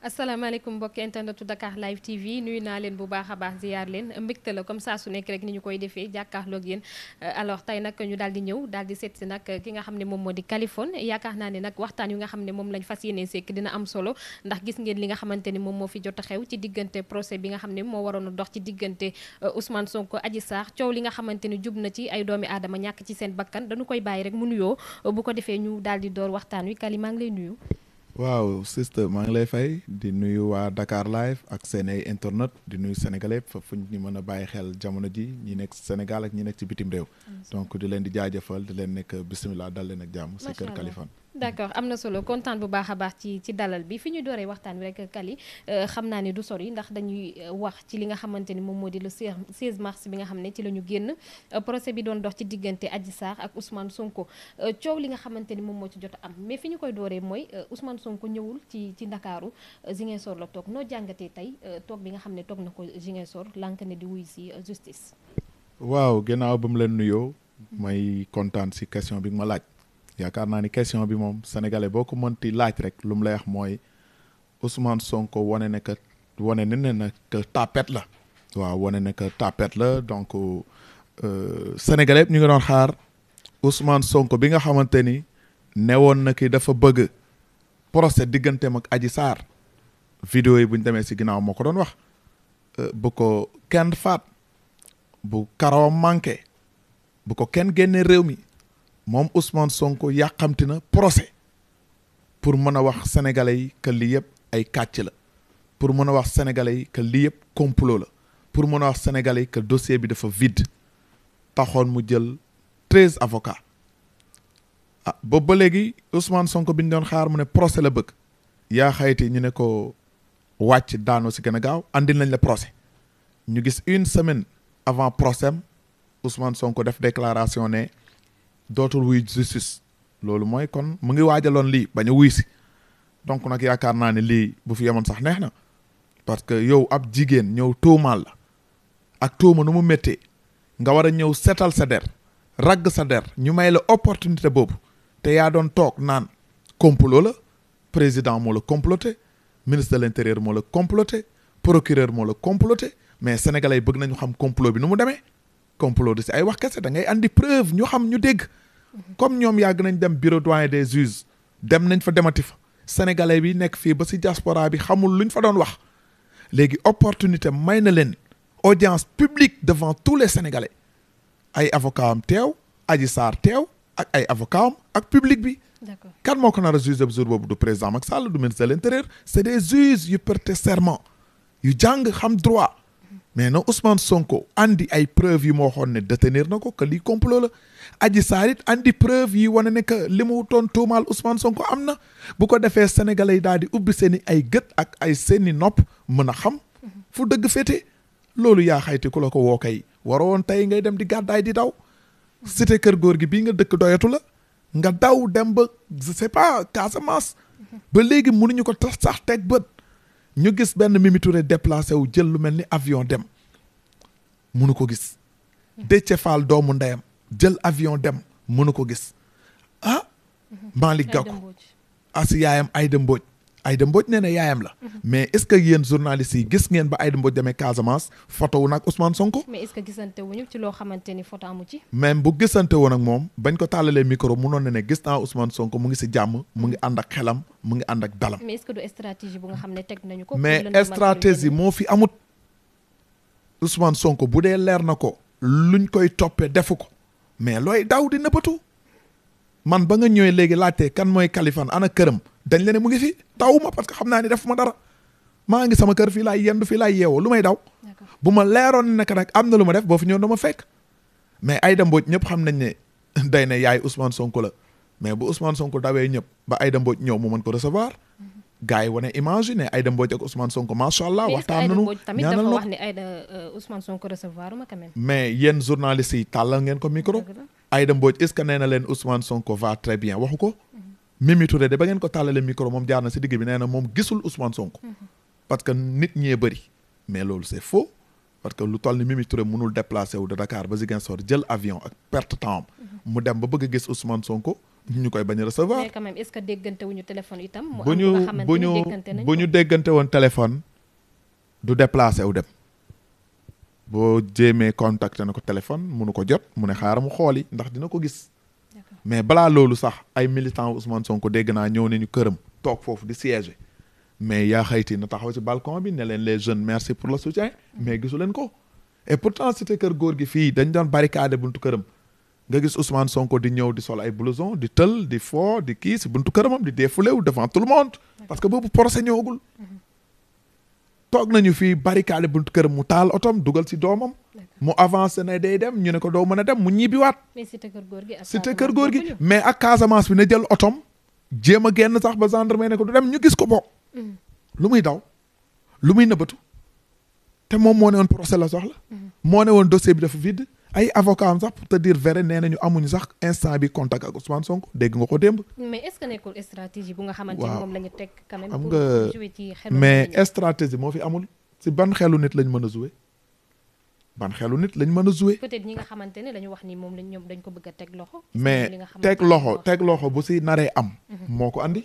asalaamaaleykum mbokki internetu Dakar Live TV nuyu naa leen bu baax a baax ziyaar leen mbégte la comme saa su nekk rek ni ñu koy defee jàkkaarloog yéen euh, alors tey nag ñu daal di ñëw daal di seet si nag ki nga xam ne moom moo di Kaliphone ne nag waxtaan yu nga xam ne moom lañ fas yéene sekk dina am solo ndax gis ngeen li nga xamante ni moom moo fi jot a xew ci diggante procès bi nga xam ne moo waroon a dox ci diggante euh, Ousmane Sonko Adji Sarr coow li nga xamante ni jub na ci ay doomi aadama ñàkk ci seen bakkan dañu koy bàyyi rek mu nuyoo euh, ko defee ñu daal di door waxtaan wi Kali ngi lay nuyu waaw sister maa ngi lay fay di nuyu waa Dakar live ak seenee ay internet di nuyu sénégalais fa fu ñu mën a bàyyi xel jamono ji ñi nekk Sénégal ak ñi nekk ci bitim réew. donc di leen di jaajëfal di leen nekk bisimilah dal leen ak jàmm. si kër Kalifan d'accord am na solo kontaan bu baax a baax ci ci dalal bi fi ñu dooree waxtaan bi rek Kali euh, xam naa ne du yi ndax dañuy euh, wax ci li nga xamante ni moom moo di le 16 mars bi nga xam ne ci la ñu génn euh, procès bi doon dox ci diggante Adji Sarr ak Ousmane Sonko coow li nga xamante ni moom moo ci jot am mais fi ñu koy dooree mooy usman Sonko ñëwul ci ci Ndakaaru Ziguinchor la toog noo jàngatee tey toog bi nga xam ne toog na ko Ziguinchor lànk ne di wuy si justice. waaw ginnaaw ba mu leen nuyoo. may kontaan si question bi ma laaj. yaakaar naa ni question bi moom sénégalais boo ko mënti laaj rek lu mu lay wax mooy Ousmane Sonko wane ne que wane ne ne na que tapette la. waaw wane ne que tapette la donc euh, sénégalais ñu ngi doon xaar Ousmane Sonko bi nga xamante ni newoon na ki dafa bëgg procès diggante ak aji Sarr. vidéo yi buñ ñu demee si ginnaaw moo ko doon wax euh, bu ko kenn faat bu karawam manqué bu ko kenn génne réew mi. moom Ousmane Sonko yàqamti na procès pour mën a wax sénégalais yi que lii yëpp ay kàcc la pour mën a wax sénégalais yi que lii yëpp complot la pour mën a wax sénégalais yi que dossier bi dafa vide taxoon mu jël treize avocats ah boobu ba léegi Ousmane Sonko bi ñu doon xaar mu ne procès la bëgg yaa xayti ñu ne ko wàcc daanoo si gën a gaaw andil nañ la procès ñu gis une semaine avant procès am Ousmane Sonko def déclaration ne. dootul wuy justice loolu mooy kon mu ngi waajaloon lii bañ a wuy si donc nag yaakaar naa ne lii bu fi yemoon sax neex na parce que yow ab jigéen ñëw tuumaal la ak tuuma nu mu méttee nga war a ñëw setal sa der ragg sa der ñu may la opportunité boobu te yaa doon toog naan complot la président moo la comploté ministre de l'intérieur moo la comploté procureur moo la comploté mais sénégalais yi bëgg ñu xam complot bi nu mu demee complot di si ay wax kese da ngay andi preuve ñu xam ñu dégg comme ñoom yàgg nañ dem bureau doyen des juges dem nañ fa demati fa sénégalais bi nekk fii ba si diaspora bi xamul luñ fa doon wax léegi opportunité may na leen audience publique devant tous les sénégalais ay avocat am teew aji saar teew ak ay avocat am ak public bi kan moo ko nar a juge jour boobu du président Macky Sall du ministre de l'intérieur c'est des juges yu porté serment yu jàng xam droit mm-hmm. mais na Ousmane Sonko andi ay preuves yu moo xoon ne détenir na ko que lii la aji saarit andi preuve yi wane ne li mu doon tuumaal Ousmane Sonko am na bu ko defee sénégalais yi daal di ubbi seeni ay gët ak ay seeni nopp mën a xam fu dëgg féete loolu yaa xayti ku la ko woo kay waroon tey ngay dem di gàddaay di daw cité kër góor gi bii nga dëkk doyatu la nga daw dem ba je sais pas Casamance ba léegi mënuñu ko tax sax teg bët ñu gis benn Mimi Touré déplacé wu jël lu mel ni avion dem mënu ko gis Déthié Fall doomu ndeyam jël avion dem mënu ko gis ah Malick Gakou asi ah, yaayam Aïda Mbodj Aïda Mbodj nee na yaayam la mhm. mais est-ce que yéen journalistes yi gis ngeen ba Aïda Mbodj demee Casamance photo wu nag Ousmane Sonko mais est-ce que gisante wuñu ci loo xamante ni photo amu ci même bu gisante woon moom bañ ko tàllalee micro munoon na ne gis naa Ousmane Sonko mu ngi si jàmm mu ngi ànd ak xelam mu ngi ànd ak dalam mais est-ce que du stratégie bu nga xam ne teg nañu ko mais stratégie moo fi amut Ousmane Sonko bu dee leer na ko luñ koy toppee defu ko mais looy daw di nëbbatu man ba nga ñëwee léegi laajte kan mooy Kaliphone ana këram dañ la ne mu ngi fi dawuma parce que xam naa ni def ma dara maa ngi sama kër fii laay yendu fii laay yeewoo lu may daw bu ma leeroon ne nag am na lu ma def boo fi ñëw dama fekk mais Aïda Mbodj ñëpp xam nañ ne day ne yaay Ousmane Sonko la mais bu Ousmane Sonko dawee ñëpp ba Aïda Mbodj ñëw mu mën ko recevoir gars yi wane image ne Aïda Mbodj ak Ousmane Sonko macha allah. waxtaan nañu ñaanal euh, mais yéen journaliste yi tàllal ngeen ko micro. Aïda Mbodj est-ce que nee na leen Ousmane Sonko va très bien waxu ko. Mhm. Mimi de ba ngeen ko tàllalee micro moom jaar na si digg bi nee na moom gisul Ousmane Sonko. Mhm. parce que nit ñee bëri. mais loolu c'est faux parce que lu toll ni Mimi Touré mënul déplacé wu de Dakar ba Ziguinchor jël avion ak perte temps mhm. mu dem ba bëgg a gis Ousmane Sonko. ñu koy bañ a recevoir. mais est-ce que déggante wuñu téléphone itam. mu ñu nga bu ñu bu ñu déggante woon téléphone. du déplacé wu dem. boo jéemee contacté na ko téléphone munu ko jot mu ne xaaral mu xooli ndax dina ko gis. mais balaa loolu sax ay militant Ousmane Sonko dégg naa ñëw nañu këram. toog foofu di siège mais yaa xayti na taxaw ci balcon bi ne leen les jeunes merci pour la soutien. mais gisu leen ko. et pourtant cité kër góor gi fii dañ doon barricade buntu këram. nga gis Ousmane Sonko di ñëw di sol ay blouson di tël di foo di kii si buntu këramam di défoulewu devant tout le monde parce que boobu procès ñëwagul mm-hmm. toog nañu fii barricade buntu këram mu taal otom dugal si doomam mu avancé ne day dem ñu ne ko doo mën a dem mu ñibbiwaat cité kër góor gi mais ak Casamance bi na jël otom jéem a génn sax ba gendarme ne ko du dem ñu gis ko bo mm. lu muy daw lu muy nëbbatu te moom moo ne woon procès la soxla mm-hmm. moo ne woon dossier bi dafa vide ay avocat am sax pour te dire vrai nee nañu amuñu sax instant bi contact ak Ousmane Sonko dégg nga ko démb. mais est ce que nekkul stratégie bu nga xamante ni moom lañu teg. quand même pour jouer ci xelu mais stratégie moo fi amul si ban xelu nit lañ mën a joue ban xelu nit lañ mën a jouer. peut ñi nga xamante ne lañu wax ni moom lañ ñoom dañ ko bëgg a teg loxo. mais teg loxo teg loxo bu si naree am. Mhm. moo ko andi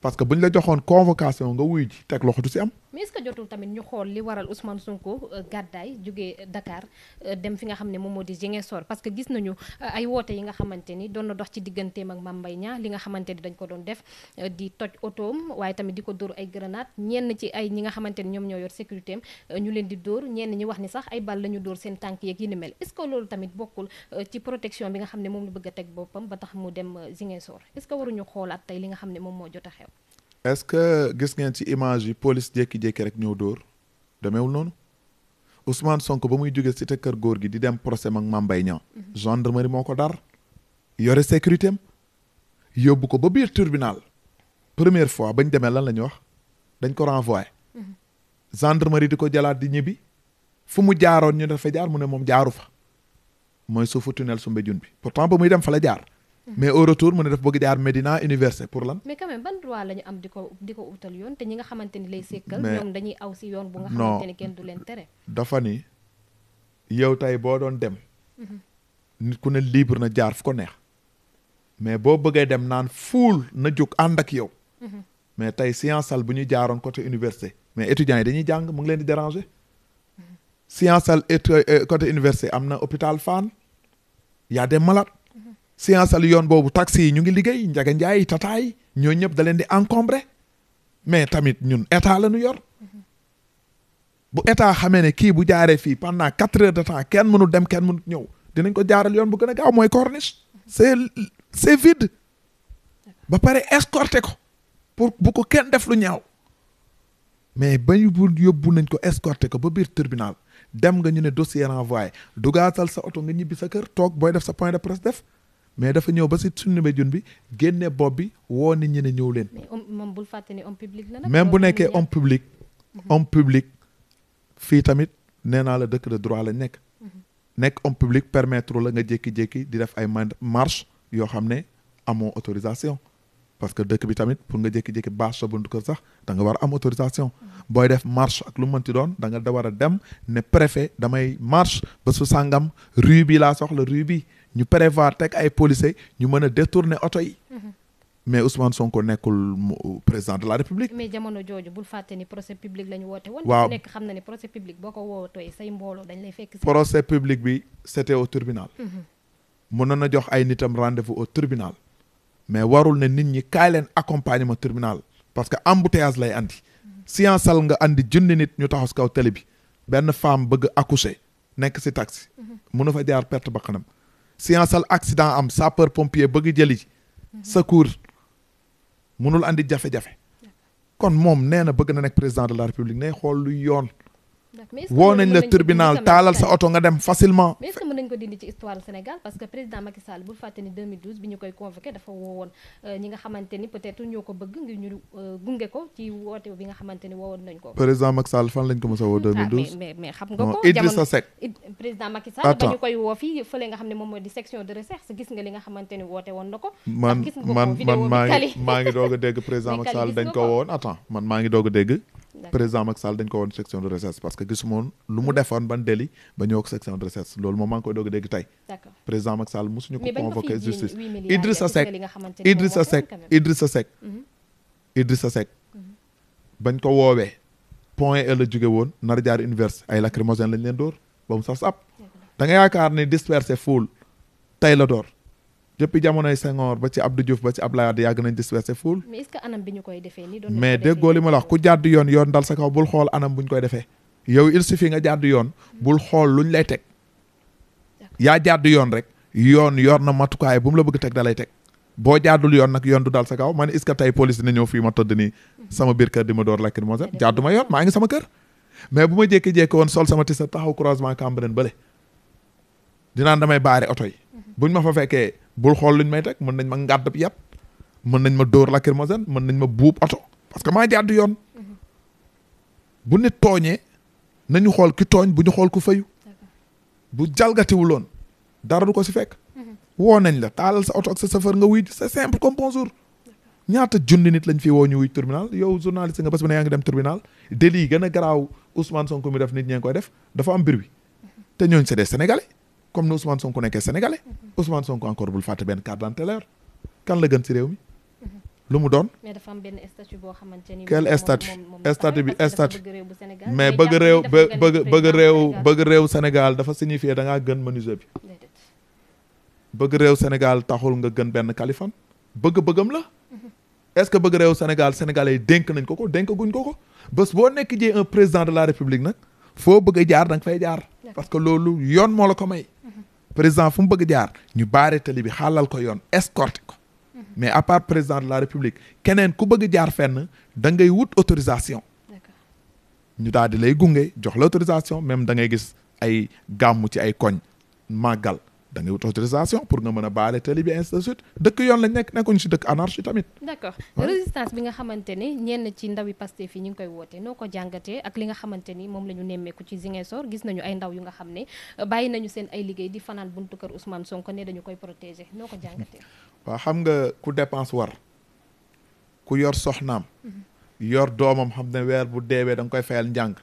parce que buñ la joxoon convocation nga wuyu ji teg loxo du si am. mais est jotul tamit ñu xool li waral Ousmane Sonko euh, gàddaay jógee euh, Dakar euh, dem fi nga xam ne moom moo di Ziguinchor parce que gis nañu ay woote yi nga xamante ni doon na dox ci digganteem ak Mame Mbaye Niang li nga xamante ni dañ ko doon def di toj otoom waaye tamit di ko dóor ay grenade ñenn ci ay ñi nga xamante ni ñoom ñoo yor ñu leen di dóor ñenn ñi wax ni sax ay bal la ñu seen tànk yeeg loolu tamit bokkul ci bi nga xam ne moom la bëgg a teg ba tax mu dem Ziguinchor est-ce que waruñu xoolaat li nga xam ne moom moo jot a xew est-ce que gis ngeen ci image yi police jékki-jékki rek ñëw dóor demeewul noonu Ousmane Sonko ba muy si te kër góor gi di dem procès ak Mame Mbaye Niang mhm. gendarmerie moo ko dar yore sécurité yóbbu ko ba biir tribunal première fois bañ demee lan la ñuy wax dañ ko renvoyé mhm. gendarmerie di ko jalaat di ñibbi fu mu jaaroon ñu dafa jaar mu ne moom jaaru fa mooy suufu tunnel Soumbédioune bi pourtant ba muy dem fa la jaar Mm-hmm. mais au retour mu ne daf bëgg jaar Medina université pour lan. mais quand ban droit la am di ko utal yoon te ñi nga xamante ni lay sekkal. ñoom dañuy aw si yoon bu nga. xamante ni kenn du leen tere. dafa ni yow tey boo doon dem. Mm-hmm. nit ku ne libre na jaar fu ko neex. mais boo bëggee dem naan fuul na jóg ànd ak yow. Mm-hmm. mais tey science salle bu ñu jaaroon côté université. mais étudiants yi dañuy jàng mu ngi leen di déranger. science salle euh, côté université a science al yoon boobu taxi yi ñu ngi liggéey njaga njaay tataay ñoo ñëpp da leen di encombré mais tamit ñun état la ñu yor bu état xamee ne kii bu jaaree fii pendant quatre heures de temps kenn mënul dem kenn mënul ñëw dinañ ko jaaral yoon bu gën a gaaw mooy corniche c'est c'est vide ba pare escorté ko pour bu ko kenn def lu ñaaw mais ba ñu yóbbu nañ ko escorté ko ba biir tribunal dem nga ñu ne dossier renvoyé dugaatal sa oto nga ñibbi sa kër toog booy def sa point de presse def mais dafa ñëw ba si suñu jun bi génne bopp bi woo nit ñi ne ñëw leen. moom bul fàtte ne homme public bu nekkee homme public. Mhm. homme public fii tamit nee naa la dëkk de droit la nekk. Mhm. nekk homme public permettre la nga jékki-jékki di def ay marche yoo xam ne amoo autorisation. parce que dëkk bi tamit pour nga jékki-jékki baax sa kër sax danga war am autorisation. Mhm. booy def marche ak lu mu mënti doon da nga da war a dem ne préfet damay marche ba su sàngam rue bi laa soxla rue bi. ñu prévoir teg ay policiers ñu mën a détourner oto yi. Mhm. mais Ousmane Sonko nekkul président de la République. mais jamono jooju bul fàtte ni procès public bi c'était au tribunal. Mhm. mënoon na jox ay nitam rendez-vous au tribunal. mais warul ne nit ñi kaay leen accompagnement tribunal. parce que embouteillage lay andi. Mhm. siyaansal nga andi junni nit ñu taxaw si kaw télé bi. benn femme bëgg accoucher nekk si taxi. mën na fa jaar perte bakkanam scienceal accident am sapeur pompier bëgg jëli mhm. secours mënul andi jafe-jafe kon moom nee na bëgg na nekk président de la république nay xool luy yoon woo nañ la tribunal taalal sa oto nga dem facilement. mais est-ce que mën nañ ko dindi ci histoire Sénégal parce que président Macky Sall bu fàtte ni 2012 bi ñu euh, xamante ni peut-être ñoo ko bëgg ngir euh, woote bi nga xamante ni woowoon nañ ko. président Macky Sall fan a woo 2012. Ah, woo fii nga xam ne moom mooy di section de nga li nga xamante ni woote woon na ko. man man maa ngi maa a dégg président Macky dañ ko woon attends man maa ngi doog dégg président Macky Sall dañ ko woon section de recherche parce que gisuma woon lu mu mm-hmm. defoon ban délit ba ñëw ko section de recherche loolu moom maa ngi koy doog a dégg tey président Macky Sall mosuñu ko justice Idrissa Seck mm-hmm. Idrissa Seck Idrissa mm-hmm. Seck bañ ko woowee point e la jóge woon nar jaar université ay lacrymogène lañ leen door ba mu saf sap da nga yaakaar ni dispersé foule tey la door depuis jamonoy Senghor ba ci Abdou Diouf ba ci Abdoulaye Wade yàgg nañ disperser foule. mais est-ce li ma la ku jàdd yoon yoon dal sa kaw bul xool anam bu koy defee. yow il suffit nga jàdd yoon. bul xool luñ lay teg. yaa jàdd yoon rek. yoon yor na matukaay bu mu la bëgg teg da lay teg. boo jàddul yoon nag yoon du dal sa kaw man est-ce que tey police ñëw fii ma tëdd nii. Mhm. sama biir kër di ma door lakk ma jàddu ma yoon maa ngi sama kër. mais bu ma jékki-jékki woon sol sama tisa taxaw croisement Cambérène bële dinaan damay oto yi mhm. buñ ma bul xool luñ may teg mën nañ ma ngàdd yàpp mën nañ ma dóor lacrymogène mën nañ ma buub oto parce que maa jàdd yoon mm-hmm. bu nit tooñee nañu xool ki tooñ bu ñu xool ku fayu bu jalgatiwuloon dara du ko si fekk mm-hmm. woo nañ la taalal sa oto ak sa safar nga wuy c'est simple comme bonjour ñaata junni nit lañ fi woo ñu wuy tribunal yow journaliste nga bés bu ne yaa ngi dem tribunal délit yi gën a garaaw Ousmane Sonko mi def nit ñee koy def dafa am mbir bi mm-hmm. te ñooñ c'est des comme ne Ousmane Sonko nekkee sénégalais Ousmane Sonko encore bul fàtte benn carte d'identité la yor kan la gën ci réew mi lu mu doon. mais dafa am benn statut boo xamante ni. quel statut bi statut mais bëgg réew bëgg bëgg réew bëgg réew Sénégal dafa signifier dangaa ngaa gën menuisier bi. bëgg réew Sénégal taxul nga gën benn kalifan bëgg-bëggam la. est-ce que bëgg réew Sénégal sénégalais yi dénk nañ ko ko dénk guñ ko ko boo nekk jee un président de la république nag foo bëgg jaar da fay jaar. parce que loolu yoon moo président fu mu bëgg jaar ñu baare tali bi xaalal ko yoon escorté ko mhm. mais à part président de la république keneen ku bëgg jaar fenn da ngay wut autorisation ñu daal di lay gunge jox la autorisation même da ngay gis ay gàmmu ci ay koñ màggal da ngay wut pour nga mën a baale tali bi ainsi de dëkk yoon lañ nekk nekkuñu si dëkk anarchie tamit. d'accord résistance bi nga xamante ni ñenn ci ndawi Pastef yi ñu ngi koy woote noo ko jàngatee ak li nga xamante ni moom la ñu nemmeeku ci Ziguinchor gis nañu ay ndaw yu nga xam ne euh, bàyyi nañu seen ay liggéey di fanaan buntu kër Ousmane sonk ne dañu koy protéger noo ko jàngatee. waaw xam nga ku dépense war ku yor soxnaam. Mhm. yor doomam xam ne weer bu deewee da koy fayal njàng.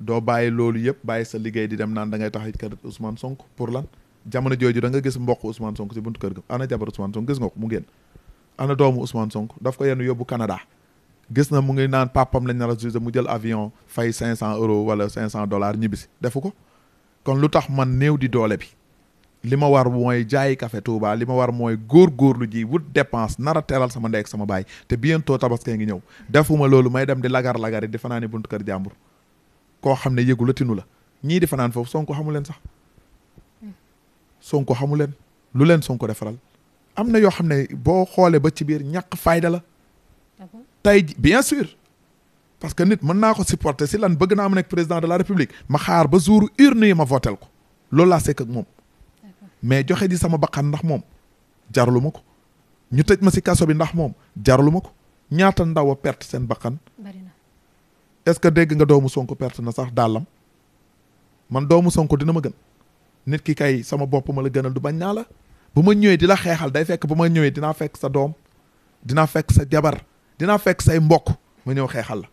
doo bàyyi loolu yëpp bàyyi sa liggéey di dem naan da ngay tax kër Ousmane Sonko pour lan jamono jooju danga gis mbokk Ousmane Sonko si buntu kër ga ana jabar Ousmane Sonko gis nga ko mu génn ana doomu Ousmane Sonko daf ko yenn yóbbu Canada gis na mu ngi naan papam lañ na a jugé mu jël avion fay cinq cent euros wala cinq cent dollars ñibbisi defu ko kon lu tax man néew di doole bi li ma war mooy jaayi café Touba li ma war mooy góorgóorlu ji wut dépense nar a teral sama ndey sama baay te bientôt tabaski ngi ñëw defuma loolu may dem di lagar-lagari di fanaan buntu kër jàmbur koo xam ne yëgu la tinu la ñii di fanaan foofu Sonko xamu leen sax Sonko xamu leen lu leen Sonko defaral am na yoo xam ne boo xoolee ba ci biir ñàkk fayda la tey bien sûr parce que nit mën naa ko supporter si lan bëgg naa mu nekk président de la république ma xaar ba jour urne yi ma votel ko loolu laa sekk ak moom mais joxe ji sama baqan ndax moom jaralu ma ko ñu tëj ma si kaso bi ndax moom jaralu ma ko ñaata ndaw perte seen baqan est-ce que dégg nga doomu Sonko perte na sax dàllam man doomu Sonko dina ma gën nit ki kay sama bopp ma la gënal du bañ naa la bu ma ñëwee di la xeexal day fekk bu ma ñëwee dinaa fekk sa doom dinaa fekk sa jabar dinaa fekk say mbokk ma ñëw xeexal la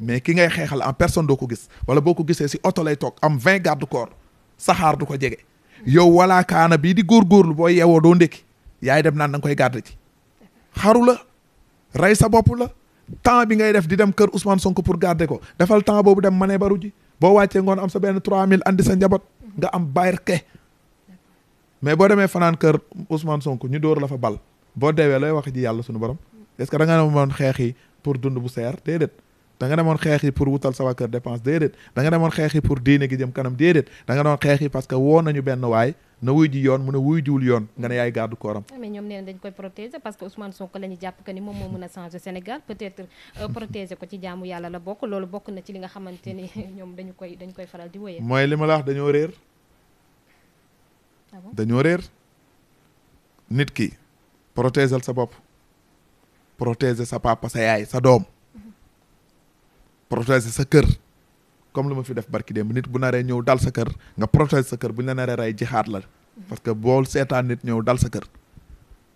mais ki ngay xeexal en personne doo ko gis wala boo ko gisee si oto lay toog am vingt garde corps saxaar du ko jege yow walaa kaana bii di góor góorgóorlu boo yeewoo doo ndékki yaay dem naan da nga koy garde ci xaru la rey sa bopp la temps bi ngay def di dem kër Ousmane Sonko pour garder ko defal temps boobu dem manee baru ji boo wàccee ngoon am sa benn 3000 andi sa njaboot nga am barke mais boo demee fanaan kër Ousmane Sonko ñu dóor la fa bal boo deewee lay wax ji yàlla sunu borom est-ce que da nga ne moon xeex yi pour dund bu seer déedéet da nga demoon xeex yi pour wutal sa waa kër dépense déedéet da nga demoon xeex yi pour diine gi jëm kanam déedéet da nga xeex yi parce que woo nañu benn waay na wuy ji yoon mu ne wuy jiwul yoon nga ne yaay garde corps ah, koy protéger parce que Ousmane Sonko la ñu jàpp que ni moom moo mën euh, ko ci jaamu yàlla la bokk bokk na ci li xamante ni ñoom dañu koy dañ koy faral di wéyee mooy li ma la wax dañoo réer ah dañoo réer nit ki protéger sa bopp protéger sa papa sa yaay sa doom protéger sa kër comme lu ma fi def barki démb nit bu naree ñëw dal sa kër nga protéger sa kër bu ñu la naree rey jixaat la parce que boo seetaan nit ñëw dal sa kër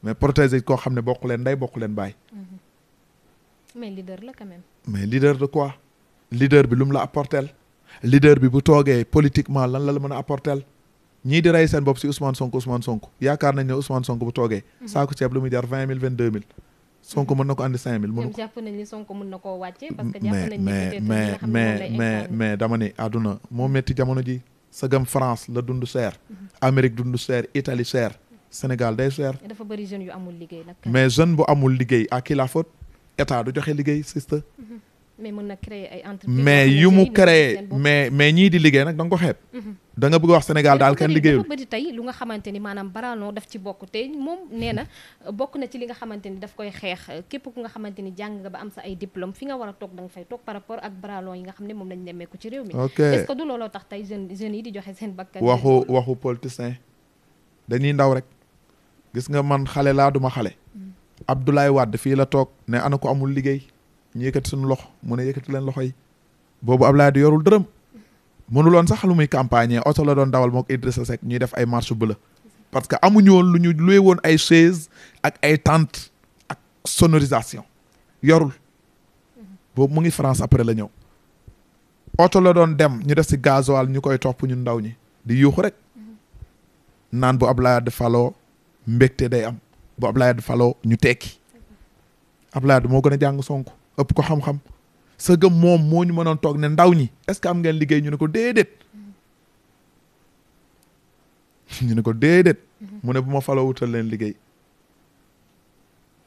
mais protéger koo xam ne bokk leen day bokk leen baay. Mm-hmm. mais leader la quand mais leader de quoi. leader bi lu mu la apporteel leader bi bu toogee politiquement lan la la mën a apporteel ñii di rey seen bopp si Ousmane Sonko Ousmane Sonko yaakaar nañ ne Ousmane Sonko bu toogee. Mm-hmm. saako ceeb lu muy jar vingt Sonko mën na ko andi 5000. mënu ko jàpp nañ ni Sonko mën na koo wàcce parce mais mais mais mais mais dama ne àdduna moo métti jamono ji sagam France la dundu seer. Mhm. Amérique dundu seer Italie seer. Sénégal day seer. dafa bëri jeunes yu amul liggéey nag. mais jeune bu amul liggéey à qui la faute état du joxe liggéey siste mhm. mais mën na créer ay entreprises mais yu mu créé mais ñii di liggéey nag da nga ko xeeb. Mhm. da nga bëgg wax Sénégal daal kenn liggéeyul dafa bëri tey lu nga xamante ni maanaam Barano daf ci bokk te moom nee na euh, bokk na ci li nga xamante ni daf koy xeex euh, képp ku nga xamante ni jàng ba am sa ay diplôme fi nga war a toog da nga fay toog par rapport ak Barano yi nga xam ne moom lañ nemmeeku ci réew mi. ok est-ce que du looloo tax tey jeunes jeunes yi di waxu waxu politicien dañuy ndaw rek gis nga man xale laa duma xale. Mm. Abdoulaye Wade fii la toog ne ana ko amul liggéey ñu yëkkati suñu loxo mu ne yëkkati leen loxo yi boobu Ablaye di yorul dërëm mënuloon sax lu muy campagne oto la doon dawal moog Idrissa Seck ñuy def ay marche parce que amuñu woon lu ñu luy woon ay chaise ak ay tente ak sonorisation yorul boobu mu ngi France après la ñëw oto la doon dem ñu def si gasoil ñu koy topp ñu ndaw ñi di yuuxu rek naan bu Ablaye Wade faloo mbégte day am bu Ablaye Wade faloo ñu tekki Ablaye Wade moo gën a jàng sonk ëpp ko xam-xam sëgg moom moo ñu mënoon toog ne ndaw ñi est-ce que am ngeen liggéey ñu ne ko déedéet ñu ne ko déedéet mm-hmm. mu ne bu ma faloo wutal leen liggéey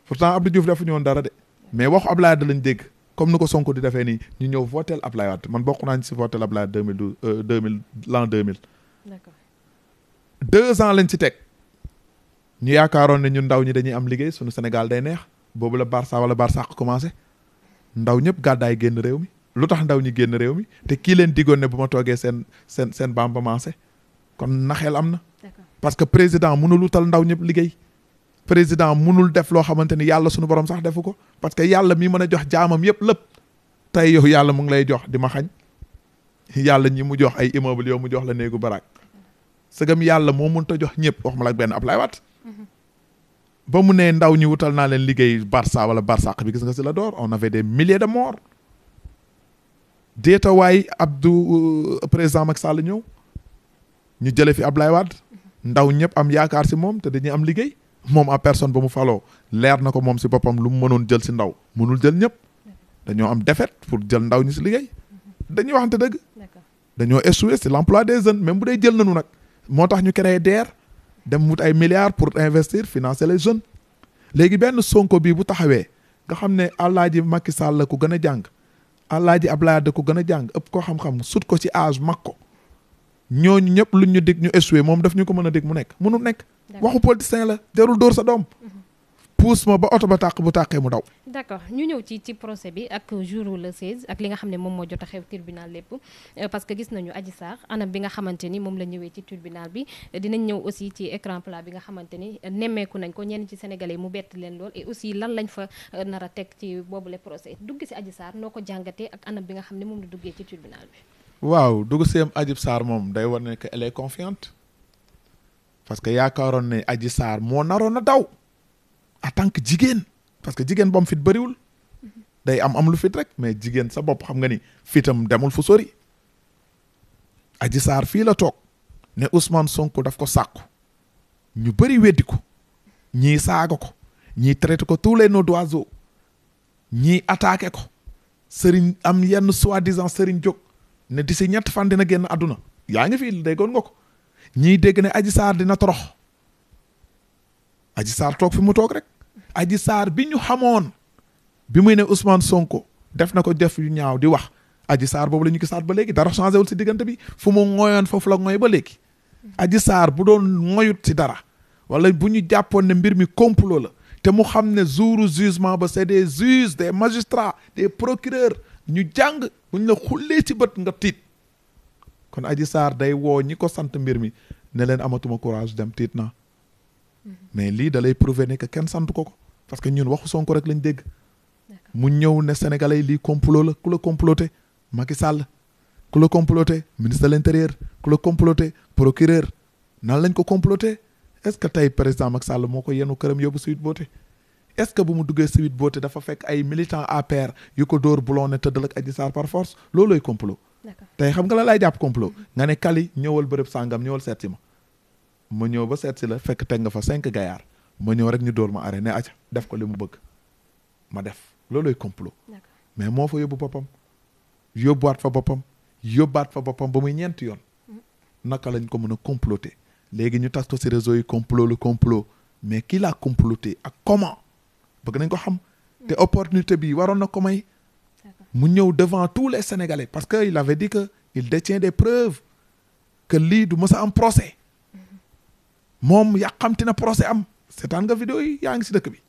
pourtant Abdou Diouf defuñu woon dara de mais waxu Ablaye da lañ dégg comme nu ko Sonko di defee nii ñu ñëw votel Ablaye Wade man bokk naa ci si votel Ablaye deux mille douze euh, deux mille l'an deux mille d'accord deux ans lañ ci teg ñu yaakaaroon ne ñun ndaw ñi dañuy am liggéey suñu Sénégal day neex boobu la Barça wala Barça commencé ndaw ñëpp gàddaay génn réew mi lu tax ndaw ñi génn réew mi te kii leen digoon ne bu ma toogee seen seen seen bamba maase kon naxeel am na parce que président lu tal ndaw ñëpp liggéey président munul def loo xamante ni yàlla sunu borom sax defu ko parce que yàlla mii mën a jox jaamam yëpp lépp tey yow yàlla mu ngi lay jox di ma xañ yàlla ñi mu jox ay immeuble yow mu jox la néegu baraak sëgam yàlla moo mënut a jox ñëpp wax ma la benn Ablaye Wade mhm. ba mu nee ndaw ñi wutal naa leen liggéey Barça wala Barsaq bi gis nga si la door on avait des milliers de morts deetawaay Abdou euh, président Macky Sall ñëw ñu jële fi Ablaye Wade ndaw ñëpp am yaakaar si moom te dañuy am liggéey moom a personne ba mu faloo leer na ko moom si boppam lu mu mënoon jël si ndaw mënul jël ñëpp dañoo am défaite pour jël ndaw ñi si liggéey dañuy waxante dëgg dañoo échoué si l'emploi des jeunes même bu dee jël nañu nag moo tax ñu créé DER dem wut ay milliards pour investir financer les jeunes léegi benn sonko bii bu taxawee nga xam ne àllaaji Macky Sall la ko gën a jàng àllaaji Ablaye da ko gën a jàng ëpp ko xam-xam sut ko ci âge mag ko ñooñu ñëpp lu ñu dig ñu échoué moom daf ñu ko mën a dig mu nekk mënul nekk waxu politicien la jarul dóor sa doom mhm. puus ma ba oto ba tàq bu tàqee mu daw. d'accord ñu ñëw ci procès bi ak jour le 16 ak li nga xam ne moom moo jot a xew tribunal lépp euh, parce que gis nañu Adji Sarr anam bi nga xamante ni moom la ñëwee ci tribunal bi dinañ ñëw aussi ci écran plat bi nga xamante ni nemmeeku nañ ko ñenn ci sénégalais mu bett leen lool et aussi lan lañ fa euh, nar a teg ci boobule procès dugg si Adji Sarr noo ko jàngatee ak anam bi nga xam ne moom la duggee ci tribunal bi. waaw dugg seem Adji Sarr moom day war ne que elle est confiante a en tant que jigéen parce que jigéen bu fit bëriwul mm-hmm. day am am lu fit rek mais jigéen sa bopp xam nga ni fitam demul fu sori aji Sarr fii la toog ne Ousmane Sonko daf ko sàkku ñu bëri weddi ko ñii saaga ko ñii traité ko tous les noms d'oiseaux ñii attaqué ko sëriñ am yenn soi-disant sëriñ jóg ne di ñett fan dina génn àdduna yaa ngi fii déggoon nga ko ñii dégg ne Adji saar dina torox Adji Sarr toog fi mu toog rek aji saar bi ñu xamoon bi muy ne Ousmane Sonko def na ko def yu ñaaw di wax aji saar boobu la ñu gisaat ba léegi dara changé wul si diggante bi fu mu ŋoyoon foofu la ŋoy ba léegi aji saar bu doon ŋoyut si dara wala bu ñu jàppoon ne mbir mi complot la te mu xam ne jouru jugement ba c'est des juges des magistrats des ñu jàng buñ la xullee ci bët nga tiit kon aji saar day woo ñi ko sant mbir mi ne leen amatuma courage dem tiit na mm-hmm. mais lii da lay prouver ne kenn sant ko ko parce que ñun waxu Sonko rek lañ dégg. mu ñëw ne sénégalais lii complot la ku la comploté Macky Sall ku la comploté ministre de l'intérieur ku la comploté procureur nan lañ ko comploté est-ce que tey président Macky Sall moo ko yenu këram yóbbu Sweet Beauté est-ce que bu mu duggee Sweet Beauté dafa fekk ay militants APR yu ko dóor bulon ne tëddal ak Adji Sarr par force loolooy complot tey xam nga la laay jàpp complot mm-hmm. nga ne Kali ñëwal bërëb sàngam ñëwal seet si ma ma ñëw ba seet si fekk teg nga fa cinq gaillard ma ñëw rek ñu dool ma arrêté ne acca def ko li mu bëgg ma def loolooy complot mais moo fa yóbbu boppam yóbbuwaat fa boppam yóbbaat fa boppam ba muy ñeenti yoon mm-hmm. naka lañ ko mën a comploter léegi ñu tas ko si réseau yi complot le complot mais qui l'a comploté ak comment bëgg nañ ko xam mm. te opportunité bi waroon na ko may mu ñëw devant tous les sénégalais parce que il avait dit que il détient des preuves que lii du mës a am procès mm-hmm. moom yàqamti na procès am seetaan nga vidéo yi yaa ngi si dëkk bi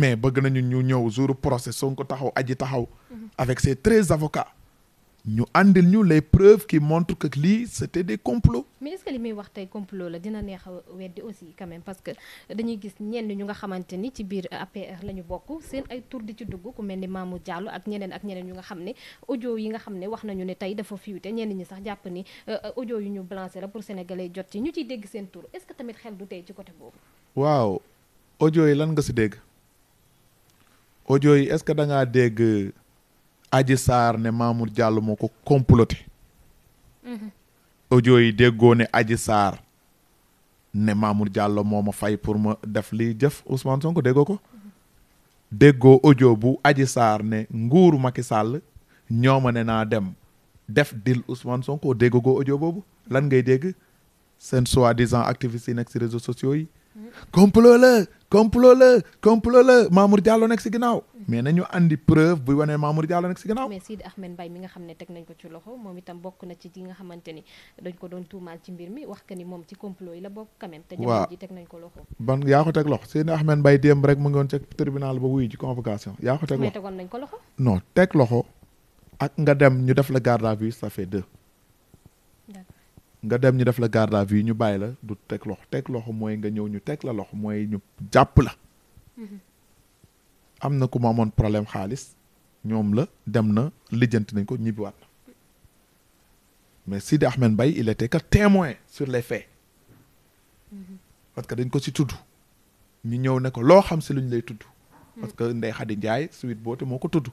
mais bëgg nañu ñu ñëw jour procès Sonko taxaw aji taxaw mhm. avec ses treize avocats ñu àndil ñu les preuves qui montrent que lii c'était des complots. mais est li muy wax tey complot la dina neex a weddi aussi quand même parce que dañuy gis ñenn ñu nga xamante ni ci biir APR la bokk seen ay tur di ci dugg ku mel ni Mamour Diallo ak ñeneen ak ñeneen ñu nga xam ne audio yi nga xam ne wax nañu ne tey dafa fuité ñenn ñi sax jàpp ni euh, euh, audio yu ñu balancé la pour sénégalais jot ci ñu ciy dégg seen tur est que tamit xel du tey ci côté boobu. waaw audio yi lan nga si dégg yi est-ce que da ngaa Adji saar ne Mamour Diallo moo ko comploté audio yi déggoo ne Adji saar ne Mamour Diallo moo ma fay pour ma def liy jëf Ousmane Sonko déggoo ko déggoo audio bu Adji saar ne nguuru Macky Sall ñooma ne naa dem def dil Ousmane Sonko déggoo ko audio boobu lan ngay dégg seen soi-disant activistes yi nekk si réseaux sociaux yi mm. complot complot la complot la Mamour Diallo nekk si ginnaaw. mais nañu andi preuve bu wanee Mamour Diallo nekk si ginnaaw. mais Sidi Ahmed mbay mi nga xam ne teg nañ ko ci loxo moom itam bokk na ci li nga xamante ni dañ ko doon tuumaal ci mbir mi wax que ni moom ci complot yi la bokk quand te jamono ji teg nañ ko loxo. ban yaa ko teg loxo Sidi Ahmed Mbaye démb rek mu ngi woon ca tribunal ba wuyu ci convocation. yaa ko teg loxo mais tegoon nañ teg loxo. ak nga dem ñu def la garde à vue ça fait nga dem ñu def la garde à vue ñu bàyyi la du teg loxo teg loxo mooy nga ñëw ñu teg la loxo mooy ñu jàpp la. Mm-hmm. am na ku ma problème xaalis ñoom la dem na lijjanti nañ ko ñibbiwaat na mais Sidi Ahmed bay il était que témoin sur les faits. Mm-hmm. parce que dañ ko si tudd. ñu ñëw ne ko loo xam si luñ lay tudd. Mm-hmm. parce que Ndeye Khady Ndiaye suite boote moo ko tudd.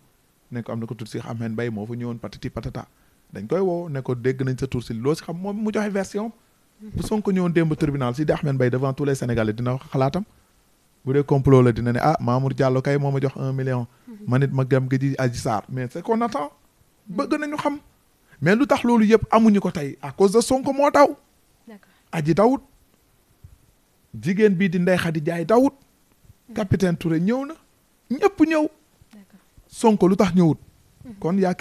ne ko am na ko tudd si Ahmed Mbaye moo fa ñëwoon patati patata. dañ koy woo ne dégg nañ sa tur si loo si xam moom mu joxe version bu Sonko ñëwoon démb tribunal Sidi Ahmed Mbaye devant tous les Sénégalais dina wax xalaatam bu dee complot la dina ne ah Mamour Diallo kay moom ma jox un million man nit ma gam gëji Adji Sarr mais c'est qu'on attend bëgg nañu xam mais lu tax loolu yëpp amuñu ko tey à cause de Sonko moo daw aji dawut jigéen bii di Ndeye jaay Ndiaye dawut mm-hmm. capitaine Touré ñëw na ñëpp ñëw Sonko lu tax ñëwut mm-hmm. kon y a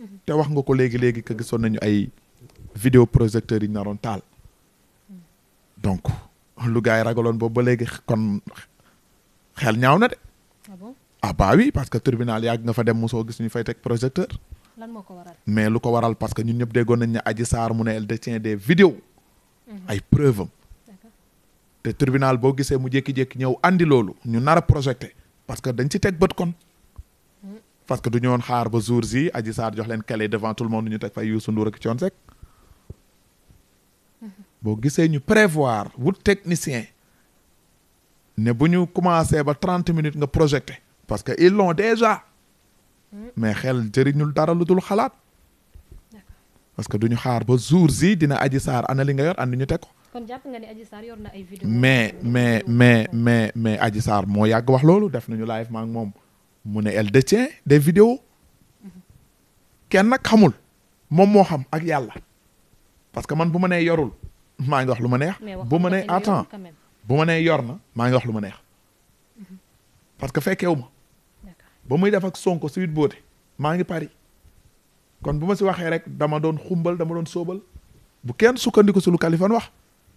Mhm. te wax nga ko léegi léegi que gisoon nañu ay vidéo projecteurs yi naroon taal. Mhm. donc lu gars yi ragaloon boobu ba léegi kon xel ñaaw na de. ah bon ah bah oui parce que tribunal yàgg nga fa dem soo gis ñu fay teg projecteur. lan moo ko waral mais lu ko waral parce que ñun ñëpp déggoon nañ ne Adji Sarr mu ne elle détient des vidéos. Mhm. ay preuve am. te tribunal boo gisee mu jékki-jékki ñëw andi loolu ñu nar a parce que dañ ci teg bët kon. parce que du ñëwoon xaar ba jours yi Adji Sarr jox leen kale devant tout le monde ñu teg fay Youssou Ndour ak Thione Seck mm-hmm. boo gisee ñu prévoir wut technicien ne bu ñu commencé ba trente minutes nga projeté parce que il l'ont déjà mm. mais xel jëriñul dara lu xalaat parce que du ñu xaar ba jours yi dina Adji Sarr ana li nga yor andi ñu teg ko mais mais mais mais mais Adji Sarr moo yàgg wax loolu def nañu live ma ak moom mu ne elle détient des vidéos kenn nag xamul moom moo xam ak yàlla parce que man bu ma nee yorul maa ngi wax lu ma neex bu ma nee attends bu ma nee yor na maa ngi wax lu ma neex mhm. parce que fekkewu ma ba muy def ak Sonko Sweet Beauté maa ngi Paris kon bu ma si waxee rek dama doon xumbal dama doon soobal bu kenn sukkandiku si lu Kaliphone wax